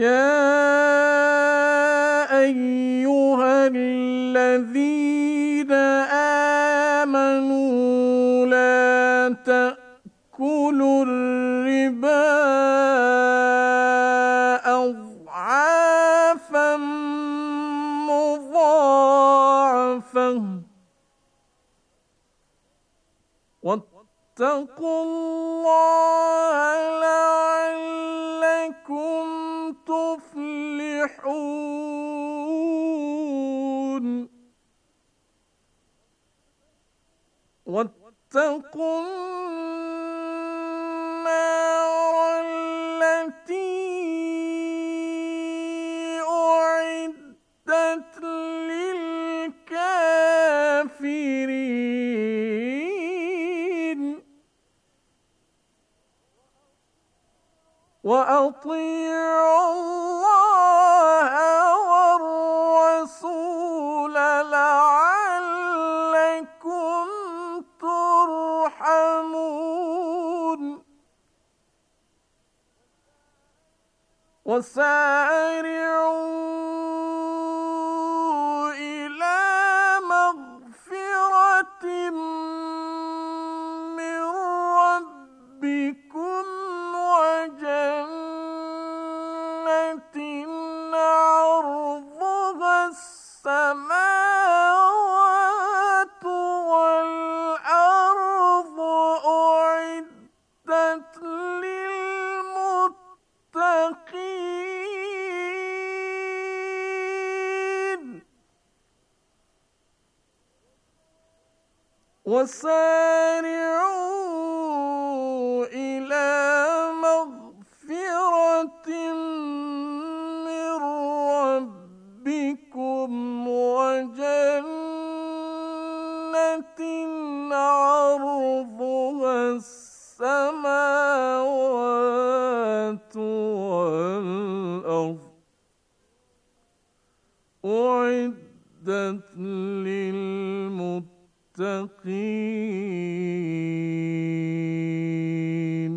Yeah. المتقين وسارع المتقين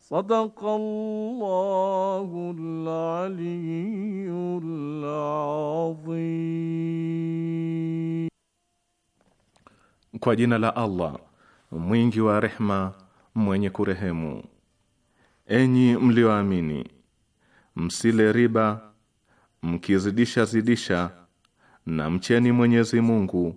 صدق الله العلي العظيم Kwa jina la Allah mwingi wa rehma mwenye kurehemu. Enyi mlioamini, msile riba, mkizidisha zidisha, na mcheni Mwenyezi Mungu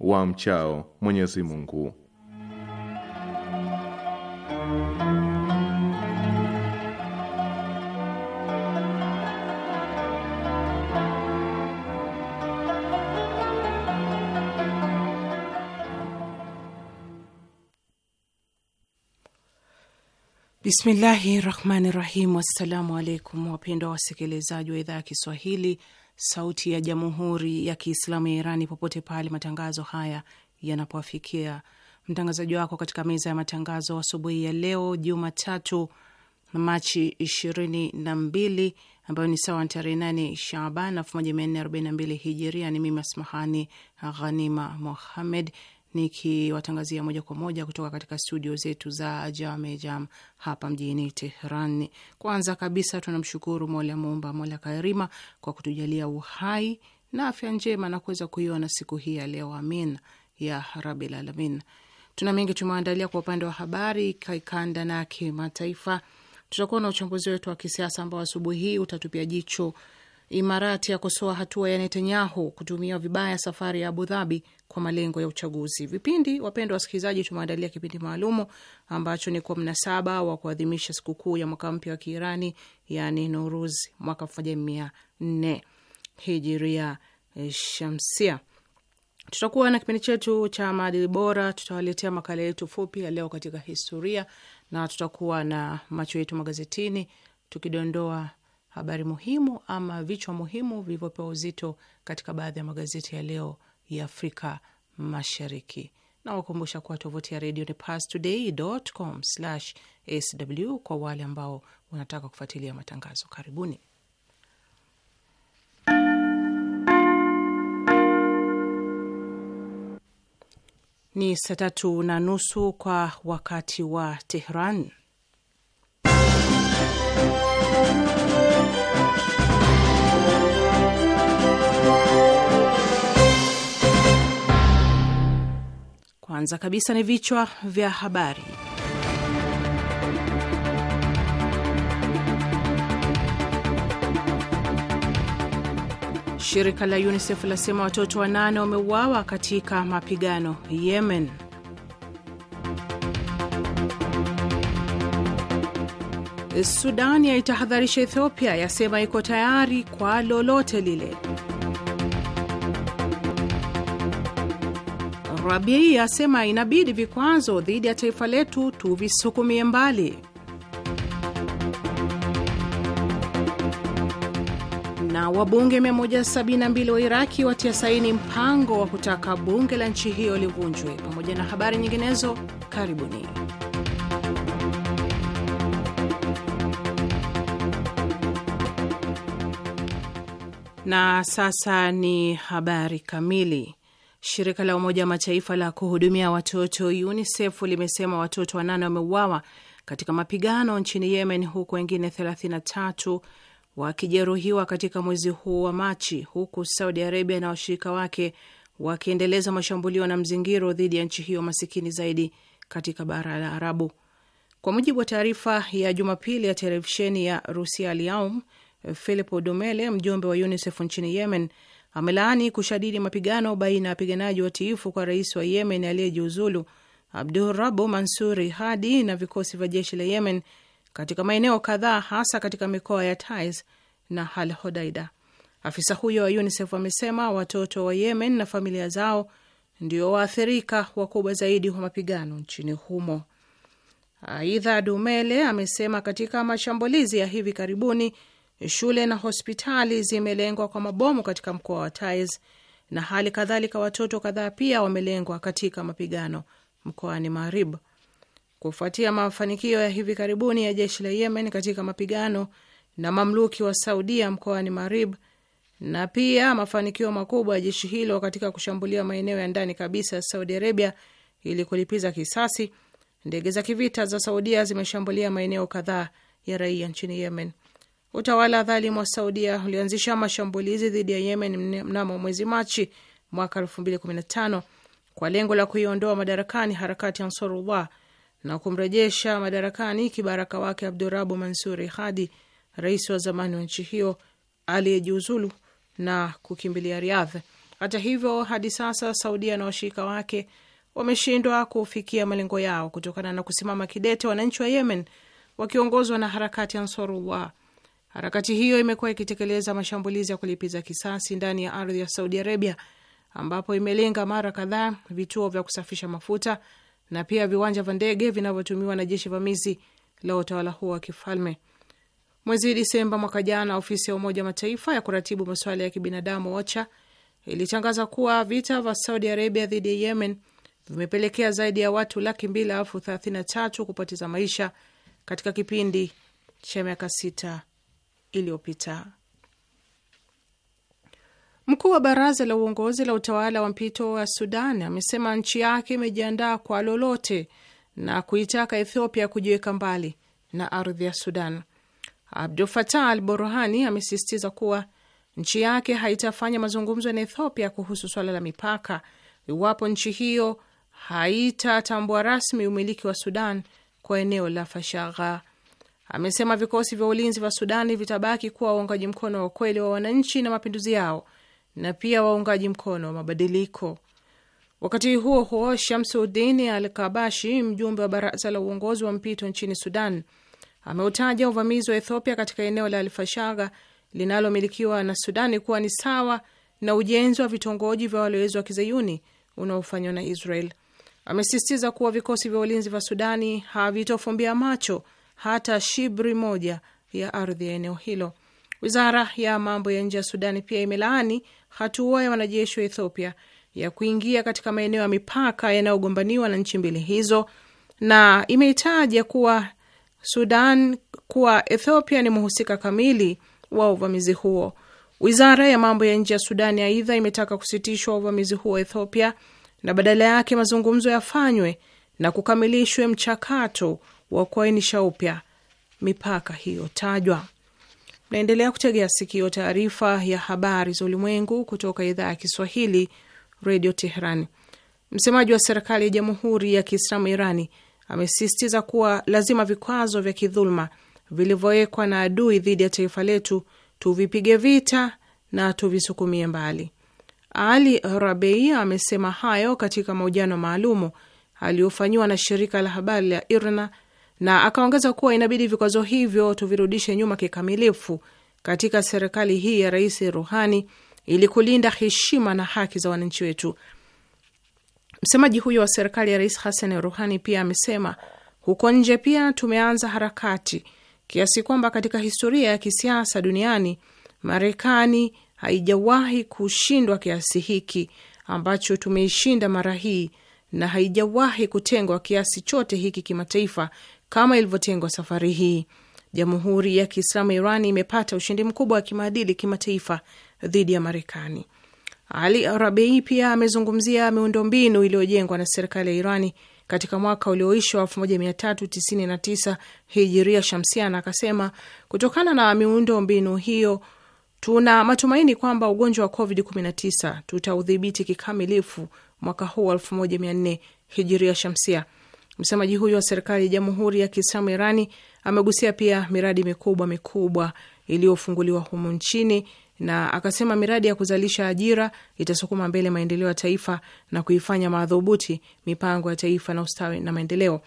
wa mchao Mwenyezi Mungu. Bismillahi rahmani rahim. Assalamu alaikum wapendwa wasikilizaji wa idhaa ya Kiswahili Sauti ya Jamhuri ya Kiislamu ya Irani popote pale matangazo haya yanapoafikia. Mtangazaji wako katika meza ya matangazo asubuhi ya leo Jumatatu, Machi ishirini na mbili ambayo ni sawa na tarehe nane Shaban elfu moja mia nne arobaini na mbili hijiria. Ni mimi Asmahani Ghanima muhammed nikiwatangazia moja kwa moja kutoka katika studio zetu za Jame Jam hapa mjini Tehran. Kwanza kabisa tunamshukuru Mola Muumba, Mola Karima kwa kutujalia uhai na afya njema na kuweza kuiona siku hii ya leo. Amin ya rabil alamin. Tuna mengi tumeandalia kwa upande wa habari kikanda na kimataifa. Tutakuwa na uchambuzi wetu wa kisiasa ambao asubuhi hii utatupia jicho Imarati yakosoa hatua ya Netanyahu kutumia vibaya safari ya Abu Dhabi kwa malengo ya uchaguzi. Vipindi wapendwa wasikilizaji, tumeandalia kipindi maalumu ambacho ni kwa mnasaba wa kuadhimisha sikukuu ya mwaka mpya wa Kiirani, yani Nuruz mwaka elfu moja mia nne hijiria e, shamsia. Tutakuwa na kipindi chetu cha maadili bora, tutawaletea makala yetu fupi ya leo katika historia, na tutakuwa na macho yetu magazetini tukidondoa habari muhimu ama vichwa muhimu vilivyopewa uzito katika baadhi ya magazeti ya leo ya Afrika Mashariki. Nawakumbusha kuwa tovuti ya redio ni pastoday.com/sw kwa wale ambao wanataka kufuatilia matangazo. Karibuni. Ni saa tatu na nusu kwa wakati wa Tehran. Kwanza kabisa ni vichwa vya habari. Shirika la UNICEF lasema watoto wanane wameuawa katika mapigano Yemen. Sudan yaitahadharisha Ethiopia, yasema iko tayari kwa lolote lile. Rabii asema inabidi vikwazo dhidi ya taifa letu tuvisukumie mbali. Na wabunge 172 wa Iraki watia saini mpango wa kutaka bunge la nchi hiyo livunjwe, pamoja na habari nyinginezo. Karibuni. Na sasa ni habari kamili. Shirika la Umoja wa Mataifa la kuhudumia watoto UNICEF limesema watoto wanane wameuawa katika mapigano nchini Yemen, huku wengine 33 wakijeruhiwa katika mwezi huu wa Machi, huku Saudi Arabia na washirika wake wakiendeleza mashambulio na mzingiro dhidi ya nchi hiyo masikini zaidi katika bara la Arabu. Kwa mujibu wa taarifa ya Jumapili ya televisheni ya Rusia liaum Philip Dumele, mjumbe wa UNICEF nchini Yemen, amelaani kushadidi mapigano baina ya wapiganaji watiifu kwa rais wa Yemen aliyejiuzulu Abdurabu Mansuri Hadi na vikosi vya jeshi la Yemen katika maeneo kadhaa, hasa katika mikoa ya Taiz na Hal Hodaida. Afisa huyo wa UNICEF amesema watoto wa Yemen na familia zao ndio waathirika wakubwa zaidi wa mapigano nchini humo. Aidha, Dumele amesema katika mashambulizi ya hivi karibuni Shule na hospitali zimelengwa kwa mabomu katika mkoa wa Taiz na hali kadhalika, watoto kadhaa pia wamelengwa katika mapigano mkoani Marib kufuatia mafanikio ya hivi karibuni ya jeshi la Yemen katika mapigano na mamluki wa Saudia mkoani Marib na pia mafanikio makubwa ya jeshi hilo katika kushambulia maeneo ya ndani kabisa ya Saudi Arabia ili kulipiza kisasi. Ndege za kivita za Saudia zimeshambulia maeneo kadhaa ya raia nchini Yemen. Utawala dhalimu wa Saudia ulianzisha mashambulizi dhidi ya Yemen mnamo mwezi Machi mwaka 2015 kwa lengo la kuiondoa madarakani harakati ya Ansarullah na kumrejesha madarakani kibaraka wake Abdurabu Mansuri Hadi, rais wa zamani wa nchi hiyo aliyejiuzulu na kukimbilia riadh Hata hivyo, hadi sasa Saudia na washirika wake wameshindwa kufikia malengo yao kutokana na kusimama kidete wananchi wa Yemen wakiongozwa na harakati ya Ansarullah Harakati hiyo imekuwa ikitekeleza mashambulizi ya kulipiza kisasi ndani ya ardhi ya Saudi Arabia, ambapo imelenga mara kadhaa vituo vya kusafisha mafuta na pia viwanja vya ndege vinavyotumiwa na jeshi vamizi la utawala huo wa kifalme. Mwezi Disemba mwaka jana, ofisi ya Umoja wa Mataifa ya kuratibu masuala ya kibinadamu OCHA ilitangaza kuwa vita vya Saudi Arabia dhidi ya Yemen vimepelekea zaidi ya watu laki mbili elfu thelathini na tatu kupoteza maisha katika kipindi cha miaka sita iliyopita. Mkuu wa baraza la uongozi la utawala wa mpito wa Sudan amesema nchi yake imejiandaa kwa lolote na kuitaka Ethiopia kujiweka mbali na ardhi ya Sudan. Abdul Fatah al Burhani amesisitiza kuwa nchi yake haitafanya mazungumzo na Ethiopia kuhusu swala la mipaka iwapo nchi hiyo haitatambua rasmi umiliki wa Sudan kwa eneo la Fashagha. Amesema vikosi vya ulinzi vya Sudani vitabaki kuwa waungaji mkono wa kweli wa wananchi na mapinduzi yao na pia waungaji mkono wa mabadiliko. Wakati huo huo, Shamsudini Al Kabashi, mjumbe wa baraza la uongozi wa mpito nchini Sudan, ameutaja uvamizi wa Ethiopia katika eneo la Alfashaga linalomilikiwa na Sudani kuwa ni sawa na ujenzi wa vitongoji vya walowezi wa kizayuni unaofanywa na Israel. Amesisitiza kuwa vikosi vya ulinzi vya Sudani havitofumbia macho hata shibri moja ya ardhi ya eneo hilo. Wizara ya mambo ya nje ya Sudani pia imelaani hatua ya wanajeshi wa Ethiopia ya kuingia katika maeneo ya mipaka yanayogombaniwa na nchi mbili hizo na imeitaja kuwa Sudan kuwa Ethiopia ni mhusika kamili wa uvamizi huo. Wizara ya mambo ya nje ya Sudani aidha imetaka kusitishwa uvamizi huo wa Ethiopia na badala yake mazungumzo yafanywe na kukamilishwe mchakato wa kuainisha upya mipaka hiyo tajwa. Naendelea kutegea sikio taarifa ya habari za ulimwengu kutoka idhaa ya Kiswahili, Redio Teherani. Msemaji wa serikali ya Jamhuri ya Kiislamu Irani amesisitiza kuwa lazima vikwazo vya kidhuluma vilivyowekwa na adui dhidi ya taifa letu tuvipige vita na tuvisukumie mbali. Ali Rabei amesema hayo katika mahojiano maalumu aliyofanyiwa na shirika la habari la IRNA na akaongeza kuwa inabidi vikwazo hivyo tuvirudishe nyuma kikamilifu katika serikali hii ya Rais Ruhani ili kulinda heshima na haki za wananchi wetu. Msemaji huyo wa serikali ya Rais Hassan Ruhani pia amesema huko nje pia tumeanza harakati kiasi kwamba katika historia ya kisiasa duniani Marekani haijawahi kushindwa kiasi hiki ambacho tumeishinda mara hii na haijawahi kutengwa kiasi chote hiki kimataifa kama ilivyotengwa safari hii. Jamhuri ya Kiislamu Iran imepata ushindi mkubwa wa kimaadili kimataifa dhidi ya Marekani. Ali Rabei pia amezungumzia miundombinu iliyojengwa na serikali ya Irani katika mwaka ulioishwa 1399 hijiria shamsia, na akasema kutokana na miundo mbinu hiyo tuna matumaini kwamba ugonjwa wa COVID-19 tutaudhibiti kikamilifu mwaka huu 1400 hijiria shamsia. Msemaji huyo wa serikali ya Jamhuri ya Kiislamu Irani amegusia pia miradi mikubwa mikubwa iliyofunguliwa humu nchini na akasema miradi ya kuzalisha ajira itasukuma mbele maendeleo ya taifa na kuifanya madhubuti mipango ya taifa na ustawi na maendeleo.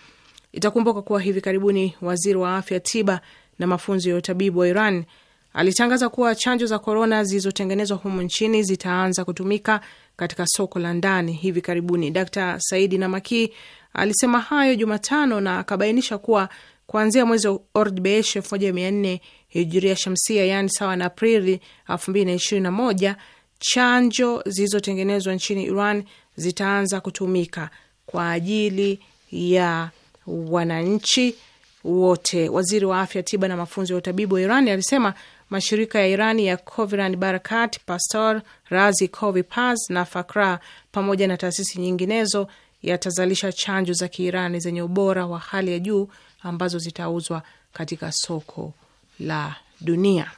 Itakumbuka kuwa hivi karibuni waziri wa afya, tiba na mafunzo ya utabibu wa Iran alitangaza kuwa chanjo za korona zilizotengenezwa humu nchini zitaanza kutumika katika soko la ndani hivi karibuni. Dkt Saidi Namaki Alisema hayo Jumatano na akabainisha kuwa kuanzia mwezi Ordbesh 1400 hijiria shamsia, yaani sawa na Aprili 2021, chanjo zilizotengenezwa nchini Iran zitaanza kutumika kwa ajili ya wananchi wote. Waziri wa afya, tiba na mafunzo ya utabibu wa Iran alisema mashirika ya Irani ya Coviran Barakat, pastor Razi, Covipas na Fakra pamoja na taasisi nyinginezo yatazalisha chanjo za Kiirani zenye ubora wa hali ya juu ambazo zitauzwa katika soko la dunia.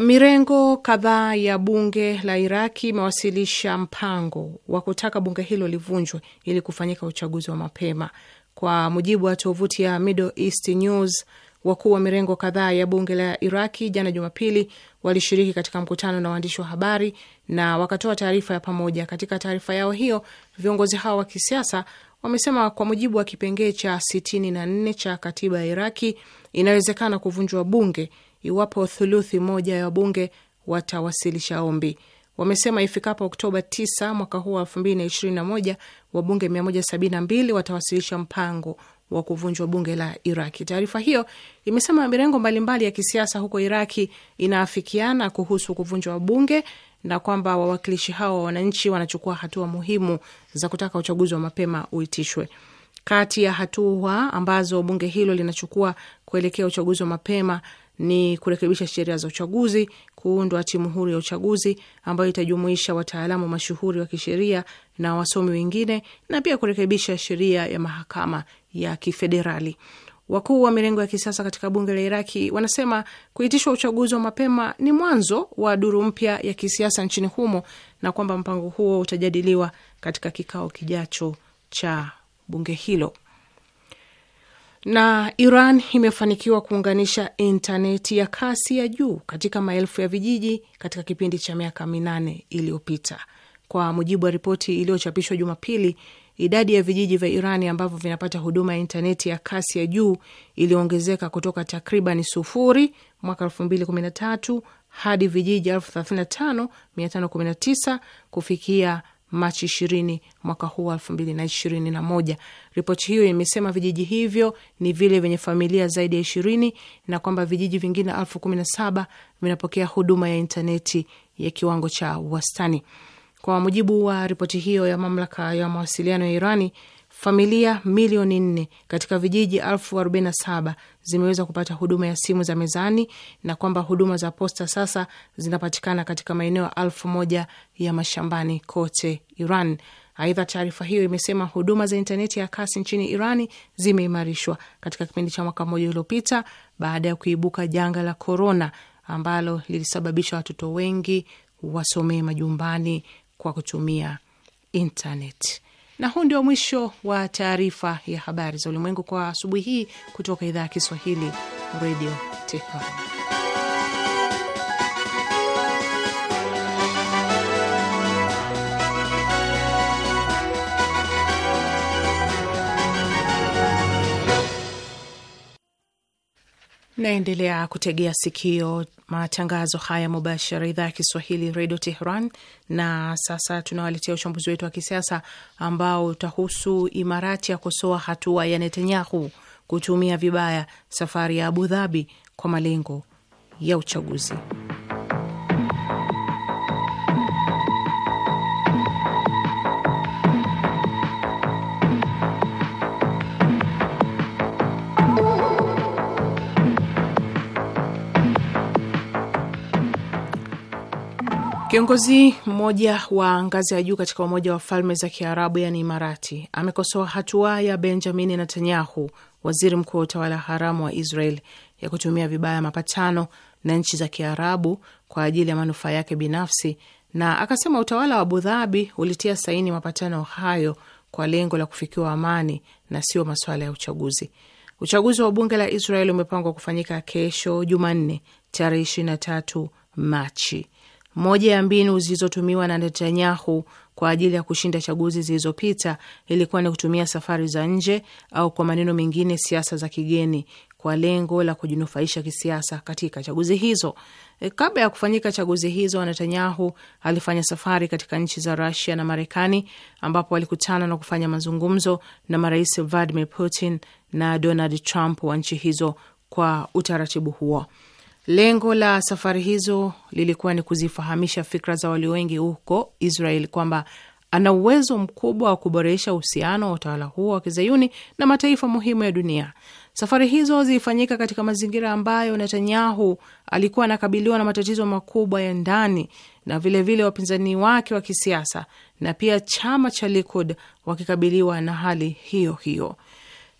Mirengo kadhaa ya bunge la Iraki imewasilisha mpango wa kutaka bunge hilo livunjwe ili kufanyika uchaguzi wa mapema. Kwa mujibu wa tovuti ya Middle East News, wakuu wa mirengo kadhaa ya bunge la Iraki jana Jumapili walishiriki katika mkutano na waandishi wa habari na wakatoa taarifa ya pamoja. Katika taarifa yao hiyo, viongozi hao wa kisiasa wamesema kwa mujibu wa kipengee cha sitini na nne cha katiba ya Iraki inawezekana kuvunjwa bunge iwapo thuluthi moja ya wabunge watawasilisha ombi. Wamesema ifikapo Oktoba 9 mwaka huu wa 2021 wabunge 172 watawasilisha mpango wa kuvunjwa bunge la Iraki. Taarifa hiyo imesema mirengo mbalimbali ya kisiasa huko Iraki inaafikiana kuhusu kuvunjwa bunge na kwamba wawakilishi hao wa wananchi wanachukua hatua muhimu za kutaka uchaguzi wa mapema uitishwe. Kati ya hatua ambazo bunge hilo linachukua kuelekea uchaguzi wa mapema ni kurekebisha sheria za uchaguzi, kuundwa timu huru ya uchaguzi ambayo itajumuisha wataalamu mashuhuri wa kisheria na wasomi wengine, na pia kurekebisha sheria ya mahakama ya kifederali. Wakuu wa mirengo ya kisiasa katika bunge la Iraki wanasema kuitishwa uchaguzi wa mapema ni mwanzo wa duru mpya ya kisiasa nchini humo na kwamba mpango huo utajadiliwa katika kikao kijacho cha bunge hilo. Na Iran imefanikiwa kuunganisha intaneti ya kasi ya juu katika maelfu ya vijiji katika kipindi cha miaka minane iliyopita, kwa mujibu wa ripoti iliyochapishwa Jumapili idadi ya vijiji vya Irani ambavyo vinapata huduma ya intaneti ya kasi ya juu iliongezeka kutoka takriban sufuri mwaka tatu hadi vijiji tisa kufikia Machi ishirini mwaka huu moja. Ripoti hiyo imesema vijiji hivyo ni vile vyenye familia zaidi ya ishirini na kwamba vijiji vingine saba vinapokea huduma ya intaneti ya kiwango cha wastani. Kwa mujibu wa ripoti hiyo ya mamlaka ya mawasiliano ya Irani, familia milioni nne katika vijiji elfu arobaini na saba zimeweza kupata huduma ya simu za mezani na kwamba huduma za posta sasa zinapatikana katika maeneo elfu moja ya mashambani kote Iran. Aidha, taarifa hiyo imesema huduma za intaneti ya kasi nchini Irani zimeimarishwa katika kipindi cha mwaka mmoja uliopita baada ya kuibuka janga la korona ambalo lilisababisha watoto wengi wasomee majumbani kwa kutumia intaneti. Na huu ndio mwisho wa taarifa ya habari za ulimwengu kwa asubuhi hii kutoka idhaa ya Kiswahili, Redio Tehran. Naendelea kutegea sikio matangazo haya mubashara, idhaa ya Kiswahili redio Tehran. Na sasa tunawaletea uchambuzi wetu wa kisiasa ambao utahusu Imarati ya kosoa hatua ya Netanyahu kutumia vibaya safari ya Abu Dhabi kwa malengo ya uchaguzi. Kiongozi mmoja wa ngazi ya juu katika Umoja wa Falme za Kiarabu yani Imarati amekosoa hatua ya Benjamin Netanyahu, waziri mkuu wa utawala haramu wa Israel, ya kutumia vibaya mapatano na nchi za Kiarabu kwa ajili ya manufaa yake binafsi, na akasema utawala wa Abu Dhabi ulitia saini mapatano hayo kwa lengo la kufikiwa amani na sio masuala ya uchaguzi. Uchaguzi wa bunge la Israel umepangwa kufanyika kesho Jumanne tarehe 23 Machi. Moja ya mbinu zilizotumiwa na Netanyahu kwa ajili ya kushinda chaguzi zilizopita ilikuwa ni kutumia safari za nje au kwa maneno mengine siasa za kigeni kwa lengo la kujinufaisha kisiasa katika chaguzi hizo. E, kabla ya kufanyika chaguzi hizo Netanyahu alifanya safari katika nchi za Rusia na Marekani ambapo alikutana na kufanya mazungumzo na marais Vladimir Putin na Donald Trump wa nchi hizo kwa utaratibu huo. Lengo la safari hizo lilikuwa ni kuzifahamisha fikra za walio wengi huko Israel kwamba ana uwezo mkubwa wa kuboresha uhusiano wa utawala huo wa kizayuni na mataifa muhimu ya dunia. Safari hizo zilifanyika katika mazingira ambayo Netanyahu alikuwa anakabiliwa na matatizo makubwa ya ndani na vilevile vile wapinzani wake wa kisiasa na pia chama cha Likud wakikabiliwa na hali hiyo hiyo.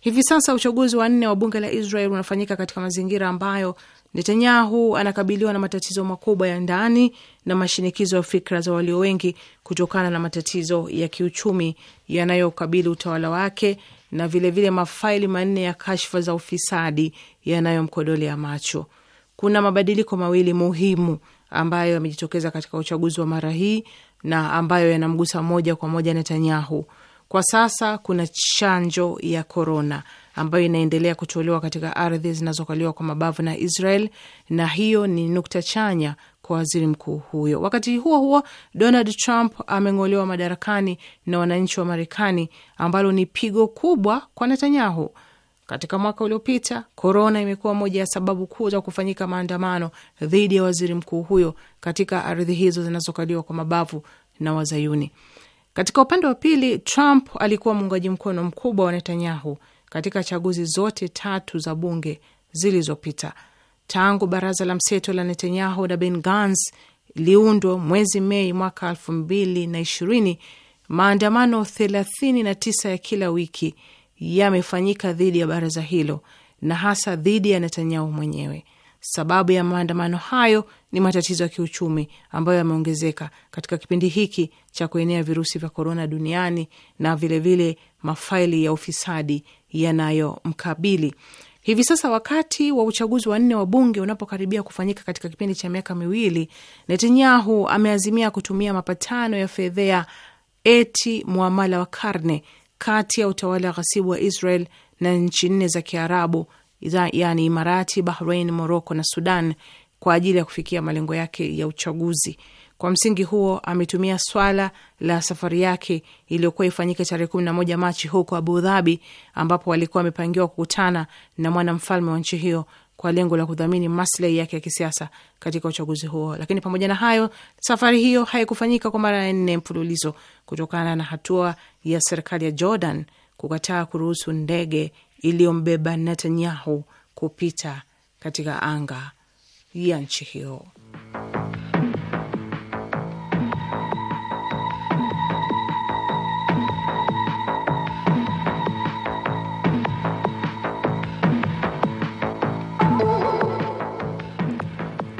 Hivi sasa uchaguzi wa nne wa bunge la Israel unafanyika katika mazingira ambayo Netanyahu anakabiliwa na matatizo makubwa ya ndani na mashinikizo ya fikra za walio wengi kutokana na matatizo ya kiuchumi yanayokabili utawala wake na vilevile vile mafaili manne ya kashfa za ufisadi yanayomkodolea ya macho. Kuna mabadiliko mawili muhimu ambayo yamejitokeza katika uchaguzi wa mara hii na ambayo yanamgusa moja kwa moja Netanyahu. Kwa sasa kuna chanjo ya korona ambayo inaendelea kutolewa katika ardhi zinazokaliwa kwa mabavu na Israel, na hiyo ni nukta chanya kwa waziri mkuu huyo. Wakati huo huo, Donald Trump ameng'olewa madarakani na wananchi wa Marekani, ambalo ni pigo kubwa kwa Netanyahu. Katika mwaka uliopita korona imekuwa moja ya sababu kuu za kufanyika maandamano dhidi ya waziri mkuu huyo katika ardhi hizo zinazokaliwa kwa mabavu na Wazayuni. Katika upande wa pili, Trump alikuwa muungaji mkono mkubwa wa Netanyahu katika chaguzi zote tatu za bunge zilizopita tangu baraza la mseto la Netanyahu na Ben Gans liundwa mwezi Mei mwaka elfu mbili na ishirini. Maandamano 39 ya kila wiki yamefanyika dhidi ya baraza hilo na hasa dhidi ya Netanyahu mwenyewe. Sababu ya maandamano hayo ni matatizo ya kiuchumi ambayo yameongezeka katika kipindi hiki cha kuenea virusi vya korona duniani na vilevile vile mafaili ya ufisadi yanayomkabili hivi sasa. Wakati wa uchaguzi wa nne wa bunge unapokaribia kufanyika katika kipindi cha miaka miwili, Netanyahu ameazimia kutumia mapatano ya fedhea eti mwamala wa karne kati ya utawala ghasibu wa Israel na nchi nne za Kiarabu, yani Imarati, Bahrain, Moroko na Sudan kwa ajili ya kufikia malengo yake ya uchaguzi kwa msingi huo ametumia swala la safari yake iliyokuwa ifanyike tarehe kumi na moja Machi huko Abu Dhabi, ambapo alikuwa amepangiwa kukutana na mwanamfalme wa nchi hiyo kwa lengo la kudhamini maslahi yake ya kisiasa katika uchaguzi huo. Lakini pamoja na hayo, safari hiyo haikufanyika kwa mara ya nne mfululizo kutokana na hatua ya serikali ya Jordan kukataa kuruhusu ndege iliyombeba Netanyahu kupita katika anga ya nchi hiyo.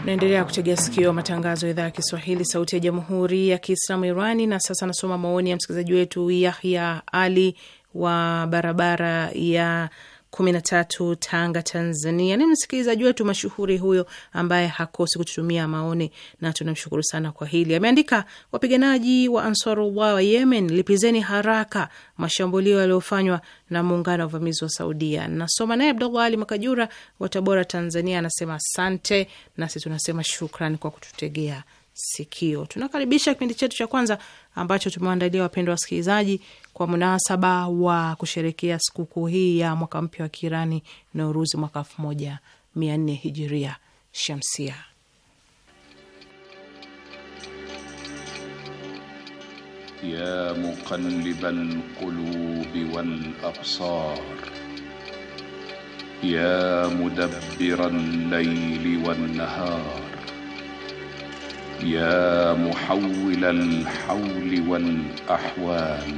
Naendelea kutegea sikio matangazo ya idhaa ya Kiswahili, sauti ya jamhuri ya kiislamu Irani. Na sasa nasoma maoni ya msikilizaji wetu Yahya Ali wa barabara ya kumi na tatu, Tanga, Tanzania. Ni msikilizaji wetu mashuhuri huyo ambaye hakosi kututumia maoni na tunamshukuru sana kwa hili. Ameandika, wapiganaji wa Ansarullah wa Yemen, lipizeni haraka mashambulio yaliyofanywa na muungano wa uvamizi wa Saudia. Nasoma naye Abdullah Ali Makajura wa Tabora, Tanzania, anasema asante, nasi tunasema shukran kwa kututegea sikio. Tunakaribisha kipindi chetu cha kwanza ambacho tumewaandalia wapendwa wasikilizaji kwa munasaba wa kusherekea sikukuu hii ya mwaka mpya wa Kiirani na Uruzi mwaka elfu moja mia nne hijiria shamsia. Ya muqallibal qulubi wal absar ya layli wan nahar يا محول الحول والاحوال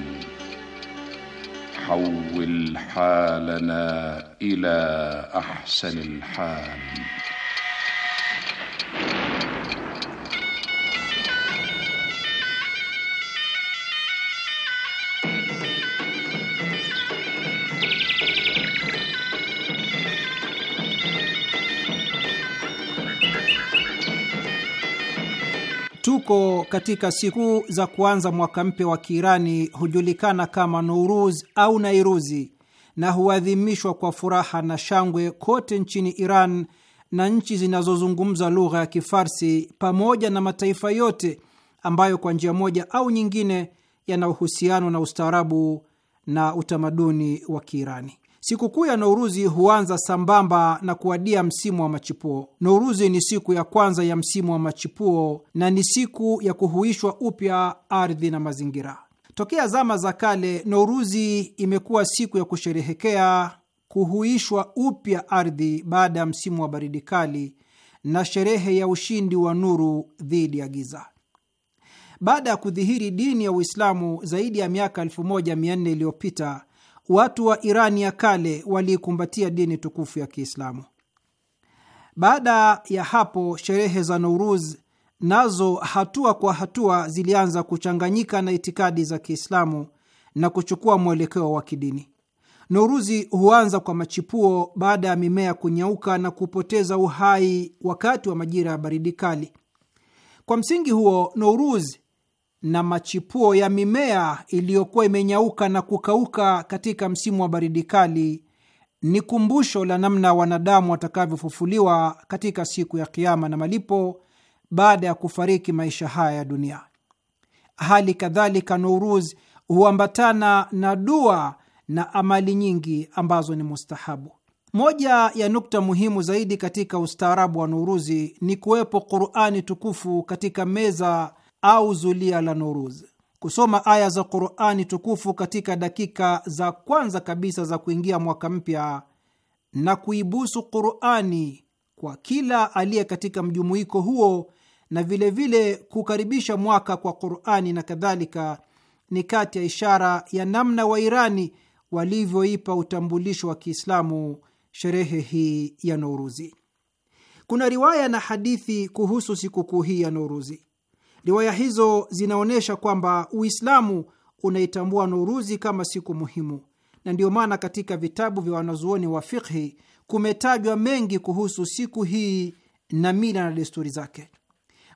حول حالنا الى احسن الحال Tuko katika siku za kuanza mwaka mpya wa Kiirani, hujulikana kama Nuruz au Nairuzi, na huadhimishwa kwa furaha na shangwe kote nchini Iran na nchi zinazozungumza lugha ya Kifarsi, pamoja na mataifa yote ambayo kwa njia moja au nyingine yana uhusiano na ustaarabu na utamaduni wa Kiirani. Sikukuu ya Nouruzi huanza sambamba na kuadia msimu wa machipuo. Nouruzi ni siku ya kwanza ya msimu wa machipuo na ni siku ya kuhuishwa upya ardhi na mazingira. Tokea zama za kale, Nouruzi imekuwa siku ya kusherehekea kuhuishwa upya ardhi baada ya msimu wa baridi kali na sherehe ya ushindi wa nuru dhidi ya giza. Baada ya kudhihiri dini ya Uislamu zaidi ya miaka 1400 iliyopita watu wa Irani ya kale waliikumbatia dini tukufu ya Kiislamu. Baada ya hapo, sherehe za Nouruz nazo hatua kwa hatua zilianza kuchanganyika na itikadi za Kiislamu na kuchukua mwelekeo wa kidini. Nouruzi huanza kwa machipuo baada ya mimea kunyauka na kupoteza uhai wakati wa majira ya baridi kali. Kwa msingi huo, Nouruz na machipuo ya mimea iliyokuwa imenyauka na kukauka katika msimu wa baridi kali ni kumbusho la namna wanadamu watakavyofufuliwa katika siku ya Kiama na malipo baada ya kufariki maisha haya ya dunia. Hali kadhalika, Nouruz huambatana na dua na amali nyingi ambazo ni mustahabu. Moja ya nukta muhimu zaidi katika ustaarabu wa Nouruzi ni kuwepo Qurani tukufu katika meza au zulia la Nuruz. Kusoma aya za Qurani tukufu katika dakika za kwanza kabisa za kuingia mwaka mpya na kuibusu Qurani kwa kila aliye katika mjumuiko huo na vilevile vile kukaribisha mwaka kwa Qurani na kadhalika, ni kati ya ishara ya namna Wairani walivyoipa utambulisho wa Kiislamu sherehe hii ya Nouruzi. Kuna riwaya na hadithi kuhusu sikukuu hii ya Nouruzi. Riwaya hizo zinaonyesha kwamba Uislamu unaitambua Nuruzi kama siku muhimu, na ndiyo maana katika vitabu vya wanazuoni wa fikhi kumetajwa mengi kuhusu siku hii na mila na desturi zake.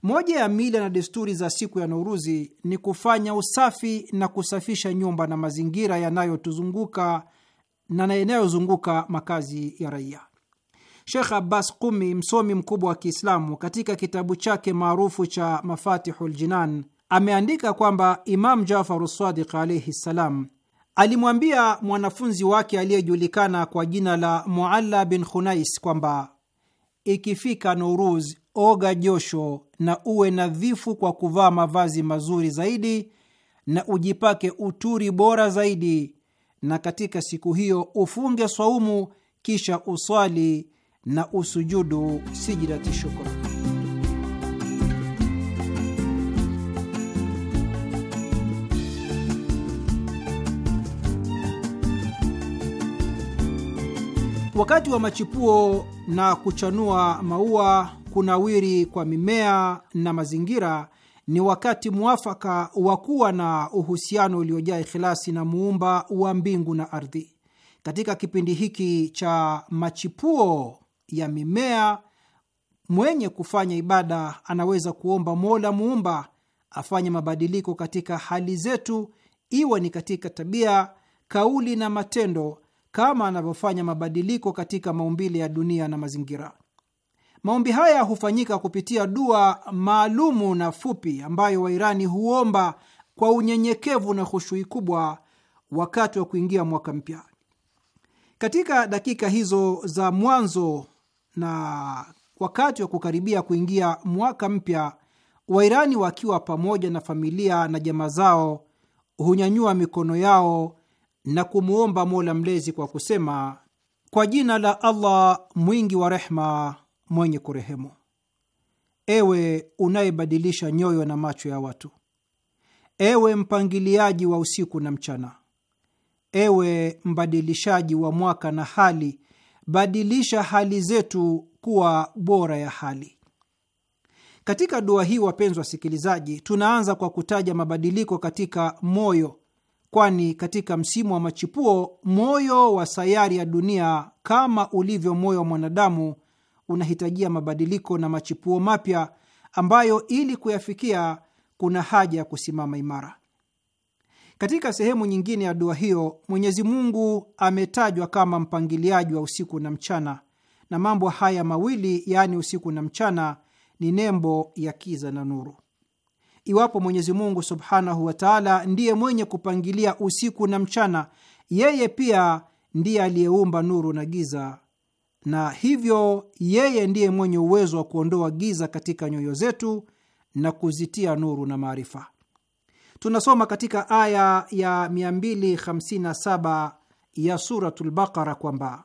Moja ya mila na desturi za siku ya Nuruzi ni kufanya usafi na kusafisha nyumba na mazingira yanayotuzunguka na yanayozunguka makazi ya raia. Shekh Abbas Qumi, msomi mkubwa wa Kiislamu, katika kitabu chake maarufu cha Mafatihu Ljinan ameandika kwamba Imamu Jafaru Sadiq alaihi ssalam alimwambia mwanafunzi wake aliyejulikana kwa jina la Mualla bin Khunais kwamba ikifika nouruz oga josho na uwe nadhifu kwa kuvaa mavazi mazuri zaidi na ujipake uturi bora zaidi, na katika siku hiyo ufunge swaumu, kisha uswali na usujudu sijidati shukuru. Wakati wa machipuo na kuchanua maua, kunawiri kwa mimea na mazingira ni wakati mwafaka wa kuwa na uhusiano uliojaa ikhilasi na muumba wa mbingu na ardhi. Katika kipindi hiki cha machipuo ya mimea. Mwenye kufanya ibada anaweza kuomba Mola muumba afanye mabadiliko katika hali zetu, iwe ni katika tabia, kauli na matendo, kama anavyofanya mabadiliko katika maumbile ya dunia na mazingira. Maombi haya hufanyika kupitia dua maalumu na fupi ambayo Wairani huomba kwa unyenyekevu na hushui kubwa wakati wa kuingia mwaka mpya. Katika dakika hizo za mwanzo na wakati wa kukaribia kuingia mwaka mpya, Wairani wakiwa pamoja na familia na jamaa zao hunyanyua mikono yao na kumwomba Mola Mlezi kwa kusema, kwa jina la Allah mwingi wa rehma, mwenye kurehemu. Ewe unayebadilisha nyoyo na macho ya watu, ewe mpangiliaji wa usiku na mchana, ewe mbadilishaji wa mwaka na hali badilisha hali zetu kuwa bora ya hali. Katika dua hii, wapenzi wasikilizaji, tunaanza kwa kutaja mabadiliko katika moyo, kwani katika msimu wa machipuo moyo wa sayari ya dunia, kama ulivyo moyo wa mwanadamu, unahitajia mabadiliko na machipuo mapya ambayo ili kuyafikia kuna haja ya kusimama imara. Katika sehemu nyingine ya dua hiyo, Mwenyezi Mungu ametajwa kama mpangiliaji wa usiku na mchana, na mambo haya mawili yaani usiku na mchana ni nembo ya kiza na nuru. Iwapo Mwenyezi Mungu subhanahu wa taala ndiye mwenye kupangilia usiku na mchana, yeye pia ndiye aliyeumba nuru na giza, na hivyo yeye ndiye mwenye uwezo wa kuondoa giza katika nyoyo zetu na kuzitia nuru na maarifa. Tunasoma katika aya ya 257 ya Suratul Baqara kwamba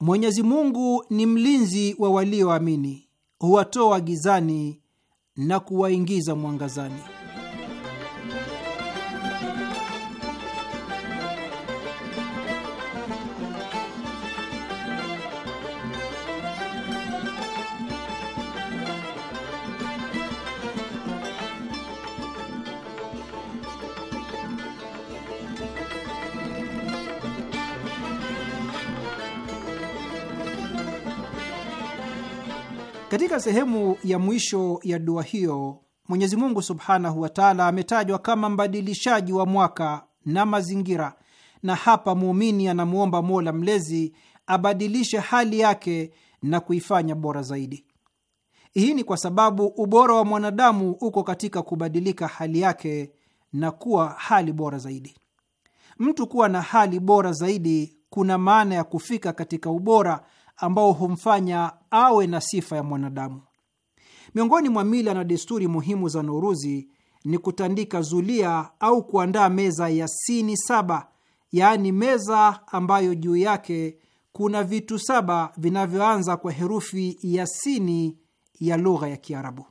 Mwenyezi Mungu ni mlinzi wa walioamini, wa huwatoa gizani na kuwaingiza mwangazani. Katika sehemu ya mwisho ya dua hiyo Mwenyezi Mungu subhanahu wa taala ametajwa kama mbadilishaji wa mwaka na mazingira, na hapa muumini anamwomba Mola Mlezi abadilishe hali yake na kuifanya bora zaidi. Hii ni kwa sababu ubora wa mwanadamu uko katika kubadilika hali yake na kuwa hali bora zaidi. Mtu kuwa na hali bora zaidi kuna maana ya kufika katika ubora ambao humfanya awe na sifa ya mwanadamu. Miongoni mwa mila na desturi muhimu za Nouruzi ni kutandika zulia au kuandaa meza ya sini saba, yaani meza ambayo juu yake kuna vitu saba vinavyoanza kwa herufi ya sini ya lugha ya Kiarabu.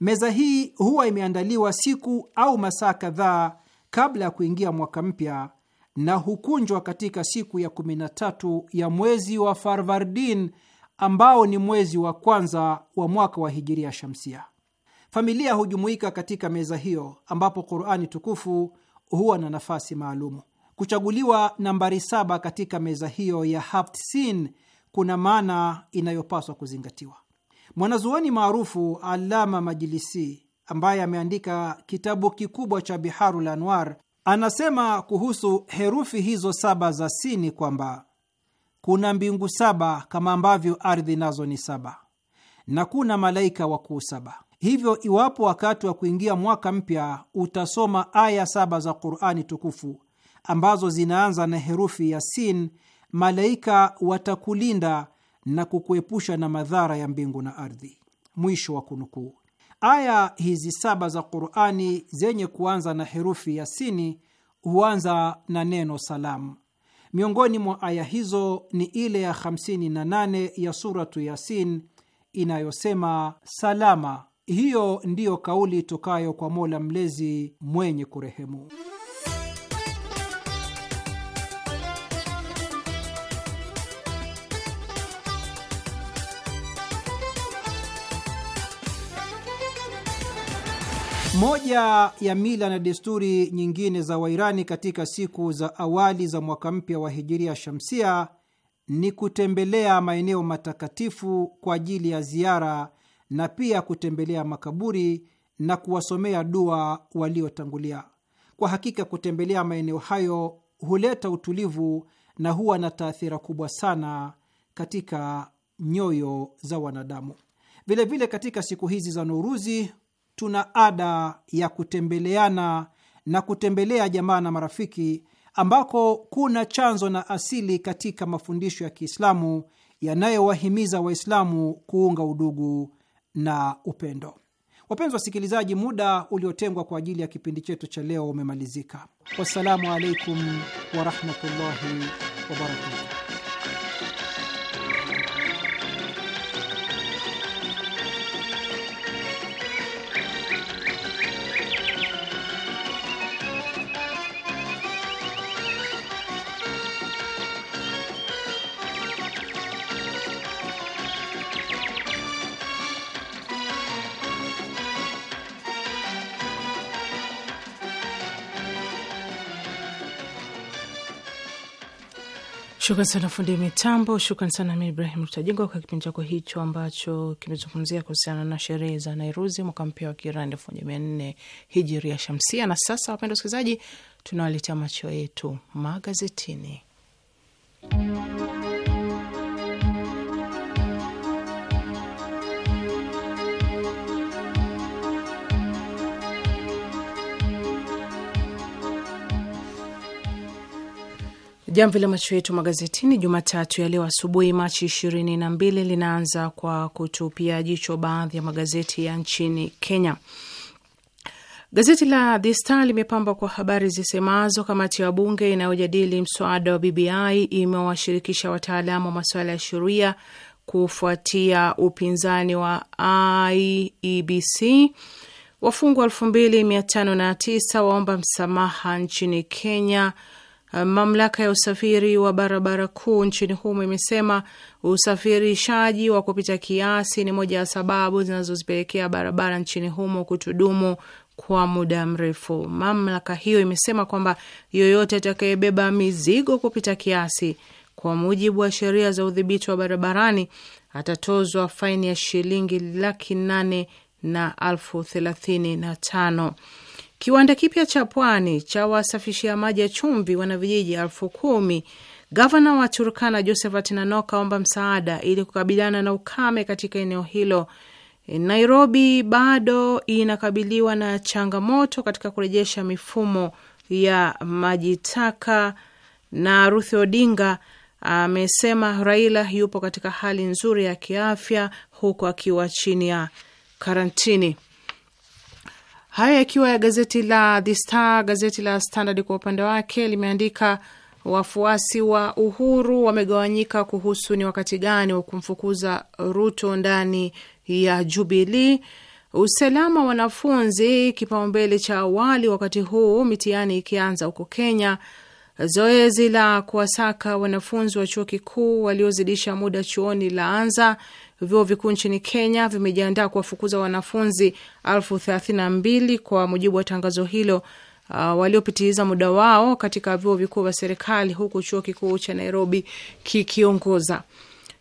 Meza hii huwa imeandaliwa siku au masaa kadhaa kabla ya kuingia mwaka mpya na hukunjwa katika siku ya kumi na tatu ya mwezi wa Farvardin ambao ni mwezi wa kwanza wa mwaka wa hijiria shamsia. Familia hujumuika katika meza hiyo ambapo Qurani tukufu huwa na nafasi maalumu. Kuchaguliwa nambari saba katika meza hiyo ya Haftsin kuna maana inayopaswa kuzingatiwa. Mwanazuoni maarufu Alama Majilisi ambaye ameandika kitabu kikubwa cha Biharul Anwar Anasema kuhusu herufi hizo saba za Sini kwamba kuna mbingu saba kama ambavyo ardhi nazo ni saba na kuna malaika wakuu saba. Hivyo iwapo wakati wa kuingia mwaka mpya utasoma aya saba za Qurani tukufu ambazo zinaanza na herufi ya Sin, malaika watakulinda na kukuepusha na madhara ya mbingu na ardhi. Mwisho wa kunukuu. Aya hizi saba za Qurani zenye kuanza na herufi ya sini huanza na neno salam Miongoni mwa aya hizo ni ile ya 58 ya suratu Yasin inayosema salama. Hiyo ndiyo kauli itokayo kwa Mola Mlezi mwenye kurehemu. Moja ya mila na desturi nyingine za Wairani katika siku za awali za mwaka mpya wa hijiria shamsia ni kutembelea maeneo matakatifu kwa ajili ya ziara na pia kutembelea makaburi na kuwasomea dua waliotangulia. Kwa hakika kutembelea maeneo hayo huleta utulivu na huwa na taathira kubwa sana katika nyoyo za wanadamu. Vilevile, katika siku hizi za Nouruzi tuna ada ya kutembeleana na kutembelea jamaa na marafiki ambako kuna chanzo na asili katika mafundisho ya Kiislamu yanayowahimiza Waislamu kuunga udugu na upendo. Wapenzi wasikilizaji, muda uliotengwa kwa ajili ya kipindi chetu cha leo umemalizika. Wassalamu alaikum warahmatullahi wabarakatuh. Shukran sana fundi mitambo, shukran sana mi Ibrahim Rutajengwa kwa kipindi chako hicho ambacho kimezungumzia kuhusiana na sherehe za Nairuzi, mwaka mpya wa Kiirani elfu moja mia nne hijiria shamsia. Na sasa, wapenda wasikilizaji, tunawaletea macho yetu magazetini Jamvi la macho yetu magazetini Jumatatu ya leo asubuhi, Machi ishirini na mbili, linaanza kwa kutupia jicho baadhi ya magazeti ya nchini Kenya. Gazeti la The Star limepambwa kwa habari zisemazo kamati ya bunge inayojadili mswada wa BBI imewashirikisha wataalamu wa masuala ya sheria kufuatia upinzani wa IEBC. Wafungwa 259 waomba msamaha nchini Kenya. Mamlaka ya usafiri wa barabara kuu nchini humo imesema usafirishaji wa kupita kiasi ni moja ya sababu zinazozipelekea barabara nchini humo kutudumu kwa muda mrefu. Mamlaka hiyo imesema kwamba yoyote atakayebeba mizigo kupita kiasi, kwa mujibu wa sheria za udhibiti wa barabarani, atatozwa faini ya shilingi laki nane na elfu thelathini na tano. Kiwanda kipya cha pwani cha wasafishia maji ya chumvi wanavijiji elfu kumi. Gavana wa Turkana Josephat Nanok aomba msaada ili kukabiliana na ukame katika eneo hilo. Nairobi bado inakabiliwa na changamoto katika kurejesha mifumo ya maji taka, na Ruth Odinga amesema Raila yupo katika hali nzuri ya kiafya huku akiwa chini ya karantini. Hayo yakiwa ya gazeti la The Star. Gazeti la Standard kwa upande wake limeandika wafuasi wa Uhuru wamegawanyika kuhusu ni wakati gani wa kumfukuza Ruto ndani ya jubili Usalama wanafunzi kipaumbele cha awali wakati huu mitihani ikianza huko Kenya. Zoezi la kuwasaka wanafunzi wa chuo kikuu waliozidisha muda chuoni laanza vyuo vikuu nchini Kenya vimejiandaa kuwafukuza wanafunzi elfu thelathini na mbili kwa mujibu wa tangazo hilo, uh, waliopitiliza muda wao katika vyuo vikuu vya serikali, huku chuo kikuu cha Nairobi kikiongoza.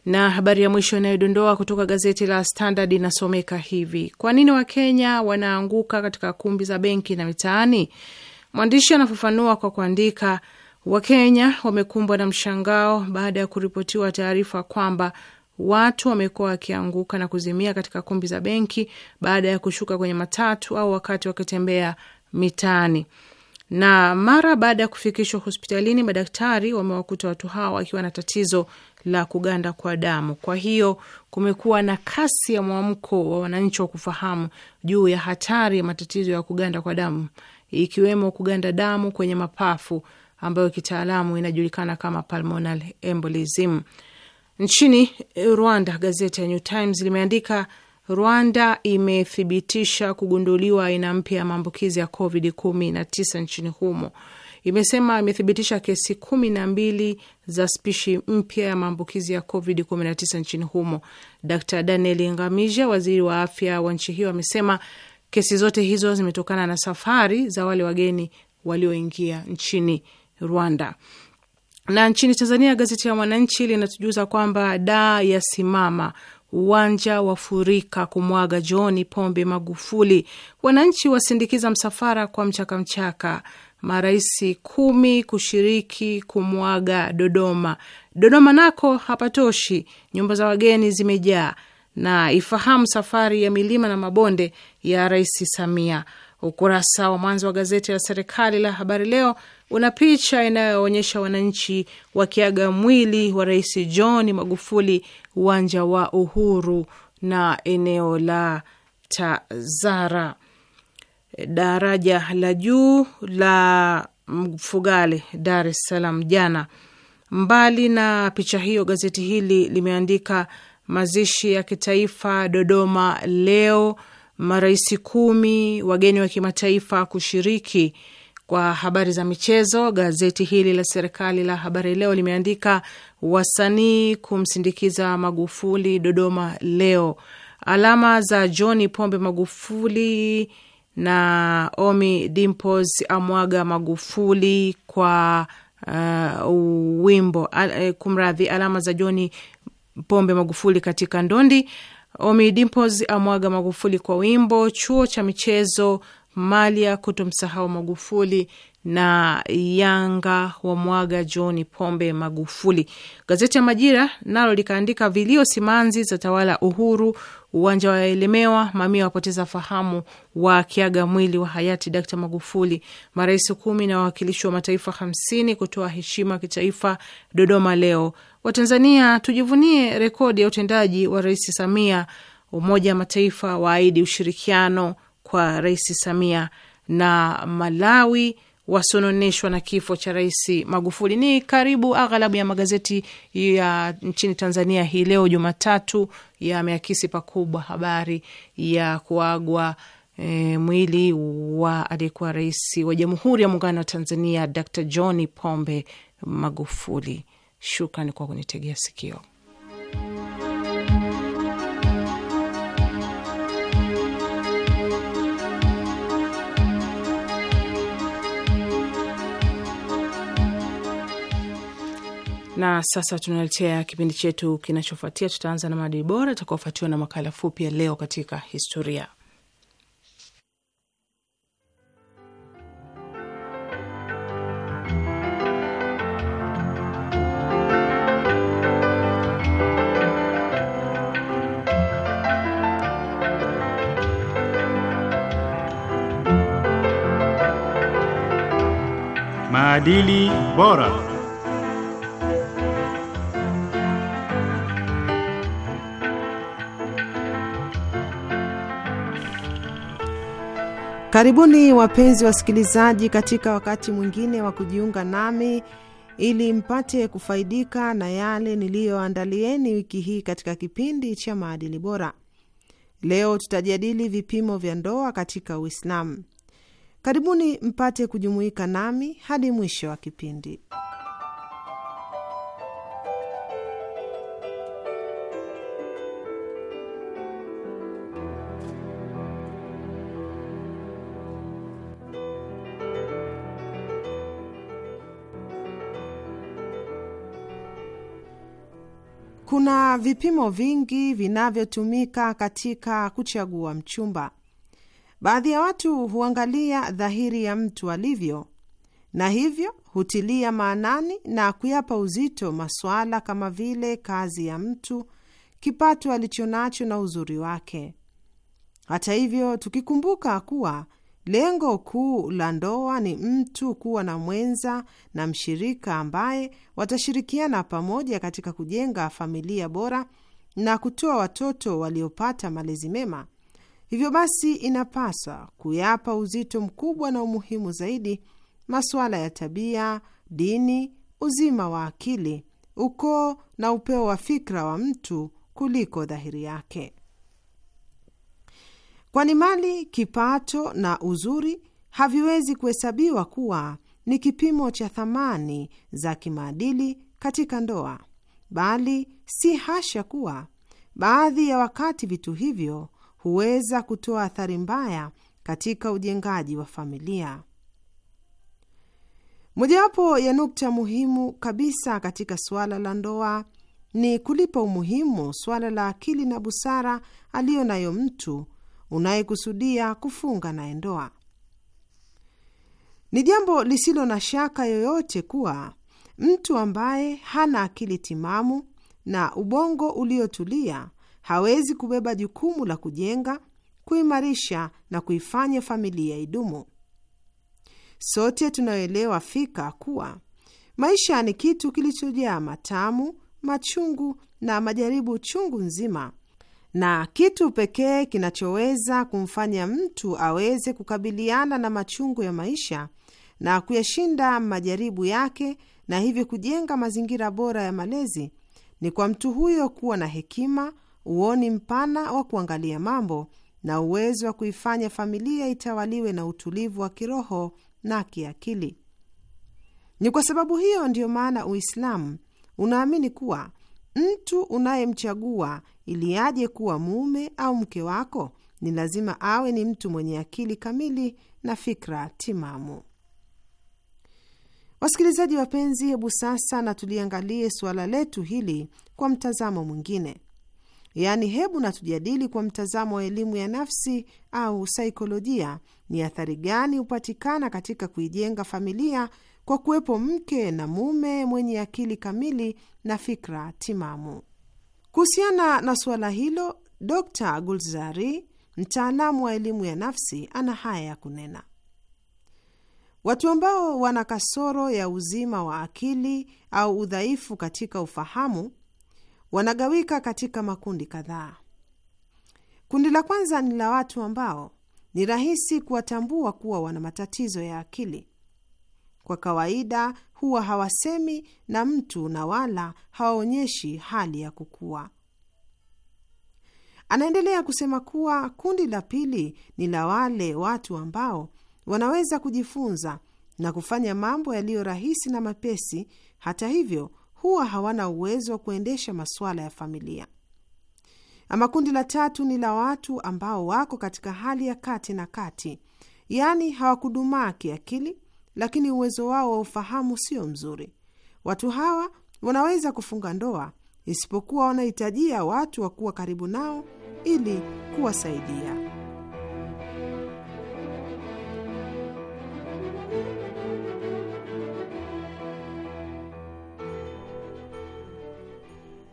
Na habari ya mwisho inayodondoa kutoka gazeti la Standard inasomeka hivi: kwa nini Wakenya wanaanguka katika kumbi za benki na mitaani? Mwandishi anafafanua kwa kuandika, Wakenya wamekumbwa na mshangao baada ya kuripotiwa taarifa kwamba Watu wamekuwa wakianguka na kuzimia katika kumbi za benki baada ya kushuka kwenye matatu au wakati wakitembea mitaani. Na mara baada ya kufikishwa hospitalini, madaktari wamewakuta watu hawa wakiwa na tatizo la kuganda kwa damu. Kwa hiyo kumekuwa na kasi ya mwamko wa wananchi wa kufahamu juu ya hatari ya matatizo ya kuganda kwa damu, ikiwemo kuganda damu kwenye mapafu ambayo kitaalamu inajulikana kama pulmonary embolism. Nchini Rwanda, gazeti ya New Times limeandika Rwanda imethibitisha kugunduliwa aina mpya ya maambukizi ya Covid 19 nchini humo. Imesema imethibitisha kesi kumi na mbili za spishi mpya ya maambukizi ya Covid 19 nchini humo. Dr Daniel Ngamija, waziri wa afya wa nchi hiyo, amesema kesi zote hizo zimetokana na safari za wale wageni walioingia nchini Rwanda. Na nchini Tanzania, gazeti la Mwananchi linatujuza kwamba daa ya simama uwanja wafurika kumwaga John Pombe Magufuli, wananchi wasindikiza msafara kwa mchakamchaka, maraisi kumi kushiriki kumwaga Dodoma. Dodoma nako hapatoshi, nyumba za wageni zimejaa, na ifahamu safari ya milima na mabonde ya Rais Samia. Ukurasa wa mwanzo wa gazeti la serikali la Habari Leo una picha inayoonyesha wananchi wakiaga mwili wa Rais John Magufuli uwanja wa Uhuru na eneo la Tazara. Daraja la juu la Mfugale, Dar es Salaam jana. Mbali na picha hiyo, gazeti hili limeandika mazishi ya kitaifa Dodoma leo, marais kumi, wageni wa kimataifa kushiriki kwa habari za michezo, gazeti hili la serikali la Habari Leo limeandika wasanii kumsindikiza Magufuli Dodoma leo, alama za John Pombe Magufuli na Omi dimpos amwaga Magufuli kwa uh, wimbo uh, kumradhi, alama za John Pombe Magufuli katika ndondi. Omi dimpos amwaga Magufuli kwa wimbo. Chuo cha michezo Malia kutomsahau Magufuli na Yanga wa mwaga John Pombe Magufuli. Gazeti ya Majira nalo likaandika vilio simanzi za tawala Uhuru, uwanja wa Elemewa, mamia wapoteza fahamu wa kiaga mwili wa hayati Dkt Magufuli, marais kumi na wawakilishi wa mataifa hamsini kutoa heshima kitaifa Dodoma leo. Watanzania tujivunie rekodi ya utendaji wa Rais Samia. Umoja wa Mataifa waahidi ushirikiano kwa Rais Samia na Malawi wasononeshwa na kifo cha Rais Magufuli. Ni karibu aghalabu ya magazeti ya nchini Tanzania hii leo Jumatatu yameakisi pakubwa habari ya kuagwa E, mwili wa aliyekuwa rais wa Jamhuri ya Muungano wa Tanzania Dr. John Pombe Magufuli. Shukrani kwa kunitegea sikio. Na sasa tunaletea kipindi chetu kinachofuatia. Tutaanza na maadili bora itakaofuatiwa na makala fupi ya leo katika historia. Maadili bora. Karibuni wapenzi wasikilizaji, katika wakati mwingine wa kujiunga nami ili mpate kufaidika na yale niliyoandalieni wiki hii katika kipindi cha maadili bora. Leo tutajadili vipimo vya ndoa katika Uislamu. Karibuni mpate kujumuika nami hadi mwisho wa kipindi. Kuna vipimo vingi vinavyotumika katika kuchagua mchumba. Baadhi ya watu huangalia dhahiri ya mtu alivyo, na hivyo hutilia maanani na kuyapa uzito masuala kama vile kazi ya mtu, kipato alichonacho na uzuri wake. Hata hivyo, tukikumbuka kuwa Lengo kuu la ndoa ni mtu kuwa na mwenza na mshirika ambaye watashirikiana pamoja katika kujenga familia bora na kutoa watoto waliopata malezi mema. Hivyo basi, inapaswa kuyapa uzito mkubwa na umuhimu zaidi masuala ya tabia, dini, uzima wa akili, ukoo na upeo wa fikra wa mtu kuliko dhahiri yake kwani mali, kipato na uzuri haviwezi kuhesabiwa kuwa ni kipimo cha thamani za kimaadili katika ndoa, bali si hasha kuwa baadhi ya wakati vitu hivyo huweza kutoa athari mbaya katika ujengaji wa familia. Mojawapo ya nukta muhimu kabisa katika suala la ndoa ni kulipa umuhimu suala la akili na busara aliyo nayo mtu unayekusudia kufunga naye ndoa. Ni jambo lisilo na shaka yoyote kuwa mtu ambaye hana akili timamu na ubongo uliotulia hawezi kubeba jukumu la kujenga, kuimarisha na kuifanya familia idumu. Sote tunayoelewa fika kuwa maisha ni kitu kilichojaa matamu, machungu na majaribu chungu nzima na kitu pekee kinachoweza kumfanya mtu aweze kukabiliana na machungu ya maisha na kuyashinda majaribu yake na hivyo kujenga mazingira bora ya malezi ni kwa mtu huyo kuwa na hekima, uoni mpana wa kuangalia mambo na uwezo wa kuifanya familia itawaliwe na utulivu wa kiroho na kiakili. Ni kwa sababu hiyo ndiyo maana Uislamu unaamini kuwa Mtu unayemchagua ili aje kuwa mume au mke wako ni lazima awe ni mtu mwenye akili kamili na fikra timamu. Wasikilizaji wapenzi, hebu sasa na tuliangalie suala letu hili kwa mtazamo mwingine, yaani hebu na tujadili kwa mtazamo wa elimu ya nafsi au saikolojia, ni athari gani hupatikana katika kuijenga familia kwa kuwepo mke na mume mwenye akili kamili na fikra timamu. Kuhusiana na suala hilo, Dr Gulzari, mtaalamu wa elimu ya nafsi, ana haya ya kunena: watu ambao wana kasoro ya uzima wa akili au udhaifu katika ufahamu wanagawika katika makundi kadhaa. Kundi la kwanza ni la watu ambao ni rahisi kuwatambua kuwa wana matatizo ya akili kwa kawaida huwa hawasemi na mtu na wala hawaonyeshi hali ya kukua. Anaendelea kusema kuwa kundi la pili ni la wale watu ambao wanaweza kujifunza na kufanya mambo yaliyo rahisi na mapesi. Hata hivyo, huwa hawana uwezo wa kuendesha masuala ya familia. Ama kundi la tatu ni la watu ambao wako katika hali ya kati na kati, yaani hawakudumaa kiakili lakini uwezo wao wa ufahamu sio mzuri. Watu hawa wanaweza kufunga ndoa, isipokuwa wanahitajia watu wa kuwa karibu nao ili kuwasaidia.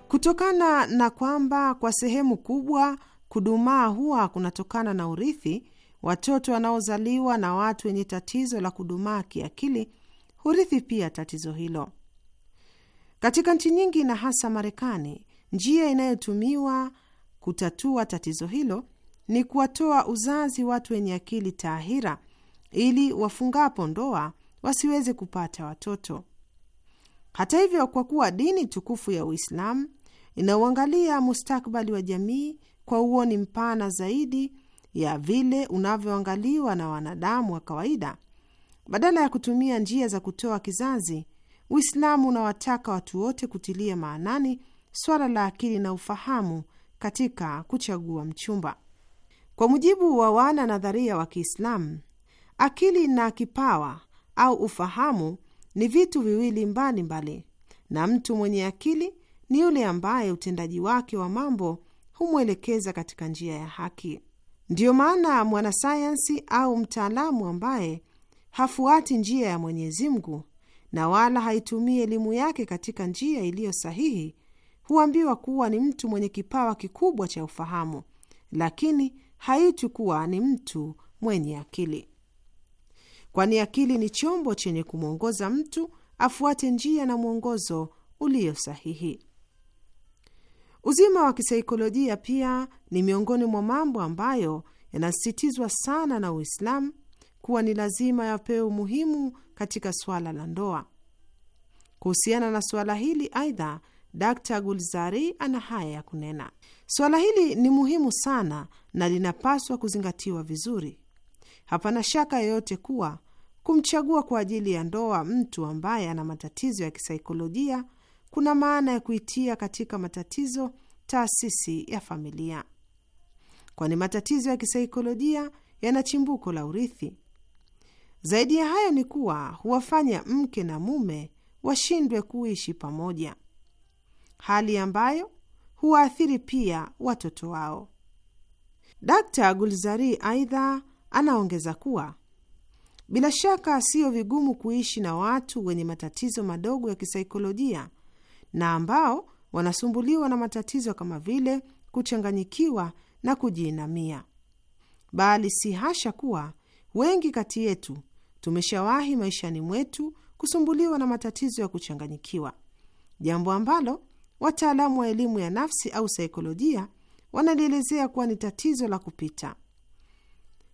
Kutokana na kwamba kwa sehemu kubwa kudumaa huwa kunatokana na urithi, Watoto wanaozaliwa na watu wenye tatizo la kudumaa kiakili hurithi pia tatizo hilo. Katika nchi nyingi na hasa Marekani, njia inayotumiwa kutatua tatizo hilo ni kuwatoa uzazi watu wenye akili taahira ili wafungapo ndoa wasiweze kupata watoto. Hata hivyo, kwa kuwa dini tukufu ya Uislamu inauangalia mustakbali wa jamii kwa uoni mpana zaidi ya vile unavyoangaliwa na wanadamu wa kawaida. Badala ya kutumia njia za kutoa kizazi, Uislamu unawataka watu wote kutilia maanani swala la akili na ufahamu katika kuchagua mchumba. Kwa mujibu wa wana nadharia wa Kiislamu, akili na kipawa au ufahamu ni vitu viwili mbalimbali mbali, na mtu mwenye akili ni yule ambaye utendaji wake wa mambo humwelekeza katika njia ya haki. Ndiyo maana mwanasayansi au mtaalamu ambaye hafuati njia ya Mwenyezi Mungu na wala haitumii elimu yake katika njia iliyo sahihi huambiwa kuwa ni mtu mwenye kipawa kikubwa cha ufahamu, lakini haitwi kuwa ni mtu mwenye akili, kwani akili ni chombo chenye kumwongoza mtu afuate njia na mwongozo ulio sahihi. Uzima wa kisaikolojia pia ni miongoni mwa mambo ambayo yanasisitizwa sana na Uislamu kuwa ni lazima yapewe umuhimu katika swala la ndoa. Kuhusiana na suala hili, aidha, Dr Gulzari ana haya ya kunena: suala hili ni muhimu sana na linapaswa kuzingatiwa vizuri. Hapana shaka yoyote kuwa kumchagua kwa ajili ya ndoa mtu ambaye ana matatizo ya kisaikolojia kuna maana ya kuitia katika matatizo taasisi ya familia, kwani matatizo ya kisaikolojia yana chimbuko la urithi. Zaidi ya hayo ni kuwa huwafanya mke na mume washindwe kuishi pamoja, hali ambayo huwaathiri pia watoto wao. Dkt. Gulzari aidha anaongeza kuwa bila shaka siyo vigumu kuishi na watu wenye matatizo madogo ya kisaikolojia na ambao wanasumbuliwa na matatizo kama vile kuchanganyikiwa na kujiinamia. Bali si hasha kuwa wengi kati yetu tumeshawahi maishani mwetu kusumbuliwa na matatizo ya kuchanganyikiwa, jambo ambalo wataalamu wa elimu ya nafsi au saikolojia wanalielezea kuwa ni tatizo la kupita.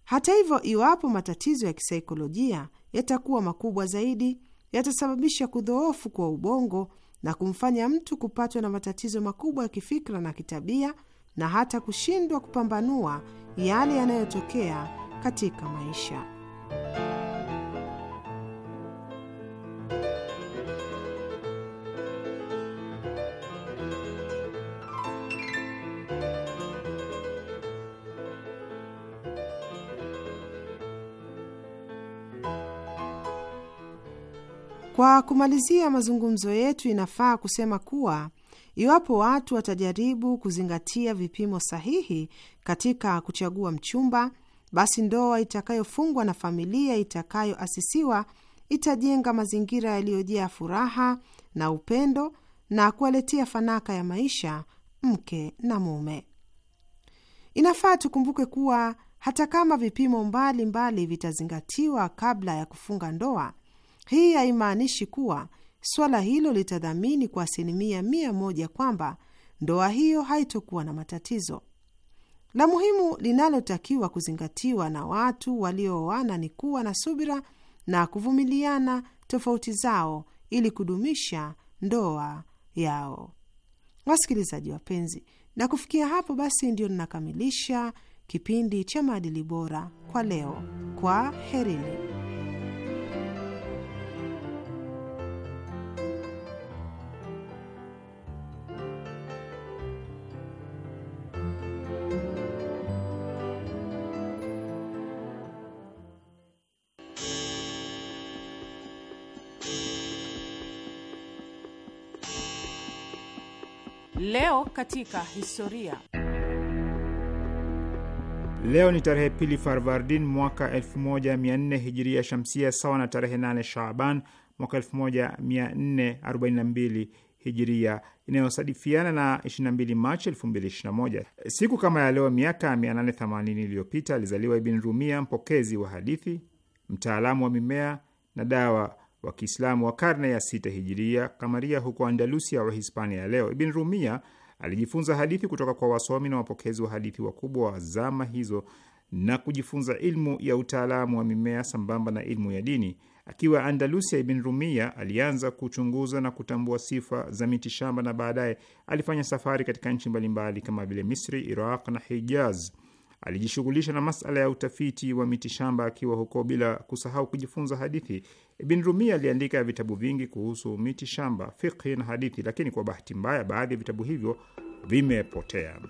Hata hivyo, iwapo matatizo ya kisaikolojia yatakuwa makubwa zaidi, yatasababisha kudhoofu kwa ubongo na kumfanya mtu kupatwa na matatizo makubwa ya kifikra na kitabia na hata kushindwa kupambanua yale yanayotokea katika maisha. Kwa kumalizia mazungumzo yetu, inafaa kusema kuwa iwapo watu watajaribu kuzingatia vipimo sahihi katika kuchagua mchumba, basi ndoa itakayofungwa na familia itakayoasisiwa itajenga mazingira yaliyojaa furaha na upendo na kuwaletea fanaka ya maisha mke na mume. Inafaa tukumbuke kuwa hata kama vipimo mbalimbali mbali vitazingatiwa kabla ya kufunga ndoa, hii haimaanishi kuwa swala hilo litadhamini kwa asilimia mia moja kwamba ndoa hiyo haitokuwa na matatizo. La muhimu linalotakiwa kuzingatiwa na watu waliooana ni kuwa na subira na kuvumiliana tofauti zao ili kudumisha ndoa yao. Wasikilizaji wapenzi, na kufikia hapo basi ndio ninakamilisha kipindi cha maadili bora kwa leo. Kwa herini. Leo katika historia. Leo ni tarehe pili Farvardin mwaka 14 hijiria shamsia, sawa na tarehe 8 Shaaban mwaka 1442 hijiria inayosadifiana na 22 Machi 2021. Siku kama ya leo miaka 880 iliyopita alizaliwa Ibn Rumia, mpokezi wa hadithi, mtaalamu wa mimea na dawa wa Kiislamu wa karne ya sita hijiria kamaria huko Andalusia wa Hispania ya leo. Ibn Rumia alijifunza hadithi kutoka kwa wasomi na wapokezi wa hadithi wakubwa wa zama hizo na kujifunza ilmu ya utaalamu wa mimea sambamba na ilmu ya dini. Akiwa Andalusia, Ibn Rumia alianza kuchunguza na kutambua sifa za miti shamba na baadaye alifanya safari katika nchi mbalimbali kama vile Misri, Iraq na Hijaz. Alijishughulisha na masala ya utafiti wa miti shamba akiwa huko, bila kusahau kujifunza hadithi. Ibn Rumi aliandika vitabu vingi kuhusu miti shamba, fiqhi na hadithi, lakini kwa bahati mbaya baadhi ya vitabu hivyo vimepotea.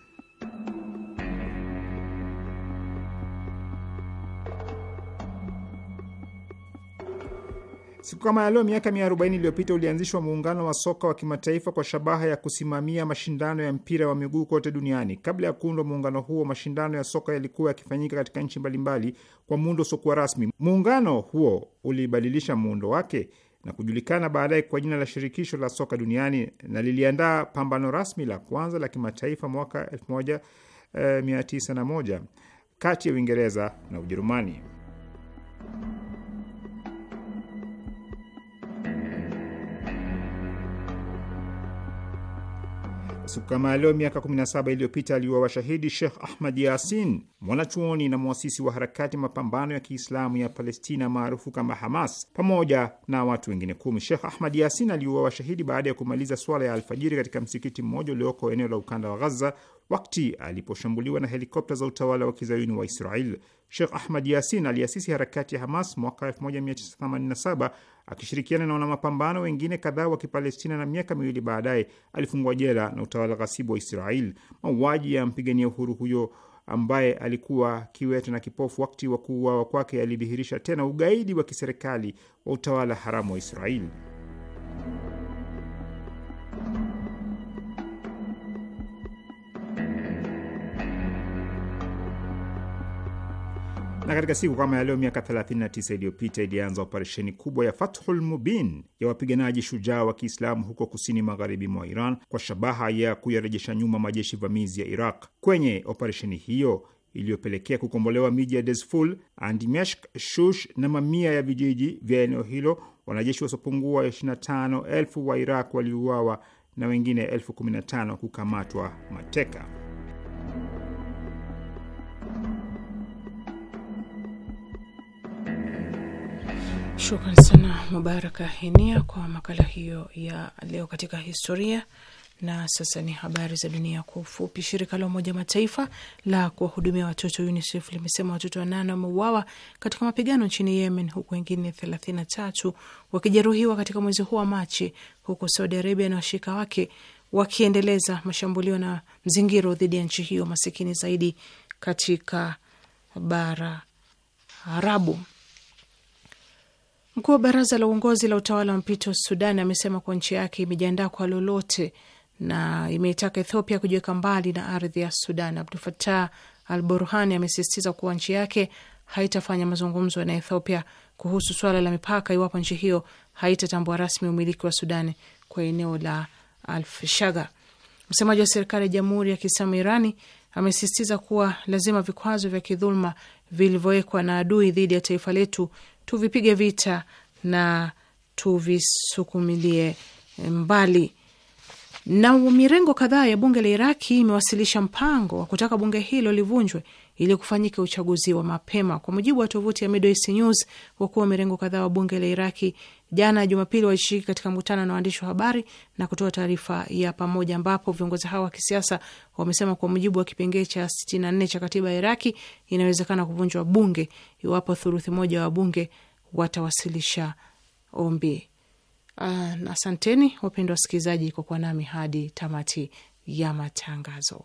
Siku kama ya leo miaka 140 iliyopita ulianzishwa muungano wa soka wa kimataifa kwa shabaha ya kusimamia mashindano ya mpira wa miguu kote duniani. Kabla ya kuundwa muungano huo, mashindano ya soka yalikuwa yakifanyika katika nchi mbalimbali kwa muundo usiokuwa rasmi. Muungano huo ulibadilisha muundo wake na kujulikana baadaye kwa jina la Shirikisho la Soka Duniani, na liliandaa pambano rasmi la kwanza la kimataifa mwaka 1901 eh, kati ya Uingereza na Ujerumani. Siku kama yaleo miaka 17 iliyopita aliuawa washahidi Sheikh Ahmad Yasin, mwanachuoni na mwasisi wa harakati mapambano ya Kiislamu ya Palestina maarufu kama Hamas, pamoja na watu wengine kumi. Sheikh Ahmad Yasin aliuawa washahidi baada ya kumaliza swala ya alfajiri katika msikiti mmoja ulioko eneo la ukanda wa Ghaza Wakati aliposhambuliwa na helikopta za utawala wa kizayuni wa Israel, Sheikh Ahmad Yasin aliasisi harakati ya Hamas mwaka 1987 akishirikiana na wanamapambano wengine kadhaa wa Kipalestina, na miaka miwili baadaye alifungwa jela na utawala ghasibu wa Israel. Mauaji ya mpigania uhuru huyo ambaye alikuwa kiwete na kipofu wakati wa kuuawa kwake alidhihirisha tena ugaidi wa kiserikali wa utawala haramu wa Israeli. Na katika siku kama ya leo miaka 39 iliyopita ilianza operesheni kubwa ya Fathul Mubin ya wapiganaji shujaa wa Kiislamu huko kusini magharibi mwa Iran kwa shabaha ya kuyarejesha nyuma majeshi vamizi ya Iraq. Kwenye operesheni hiyo iliyopelekea kukombolewa miji ya Desful, Andimeshk, Shush na mamia ya vijiji vya eneo hilo, wanajeshi wasiopungua 25,000 wa Iraq waliuawa na wengine 15,000 kukamatwa mateka. Shukran sana Mubaraka Henia kwa makala hiyo ya leo katika historia. Na sasa ni habari za dunia kwa ufupi. Shirika la Umoja Mataifa la kuwahudumia watoto UNICEF limesema watoto wanane wameuawa katika mapigano nchini Yemen, huku wengine 33 wakijeruhiwa katika mwezi huu wa Machi, huku Saudi Arabia na washirika wake wakiendeleza mashambulio na mzingiro dhidi ya nchi hiyo masikini zaidi katika bara Arabu. Mkuu wa baraza la uongozi la utawala wa mpito Sudan amesema kuwa nchi yake imejiandaa kwa lolote na imeitaka Ethiopia kujiweka mbali na ardhi ya Sudan. Abdul Fatah Al Burhani amesisitiza kuwa nchi yake haitafanya mazungumzo na Ethiopia kuhusu swala la mipaka iwapo nchi hiyo haitatambua rasmi umiliki wa Sudan kwa eneo la Alfshaga. Msemaji wa serikali ya Jamhuri ya Kiislamu Irani amesisitiza kuwa lazima vikwazo vya kidhuluma vilivyowekwa na adui dhidi ya taifa letu tuvipige vita na tuvisukumilie eh, mbali. Na mirengo kadhaa ya bunge la Iraki imewasilisha mpango wa kutaka bunge hilo livunjwe ili kufanyika uchaguzi wa mapema. Kwa mujibu wa tovuti ya Middle East News, wakuwa wa mirengo kadhaa wa bunge la Iraki jana Jumapili walishiriki katika mkutano na waandishi wa habari na kutoa taarifa ya pamoja, ambapo viongozi hao wa kisiasa wamesema kwa mujibu wa kipengee cha 64 cha katiba ya Iraki inawezekana kuvunjwa bunge iwapo thuruthi moja wa bunge watawasilisha ombi. Uh, asanteni wapendwa wasikilizaji kwa kuwa nami hadi tamati ya matangazo.